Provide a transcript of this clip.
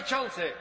Charlie Chelsea.